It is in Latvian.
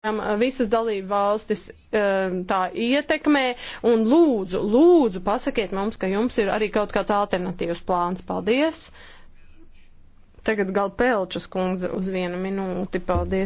Eh, visas dalību valstis eh, tā ietekmē un lūdzu, lūdzu pasakiet mums, ka jums ir arī kaut kāds alternatīvs plāns. Paldies! Tagad gal Pelčas kundze uz vienu minūti. Paldies!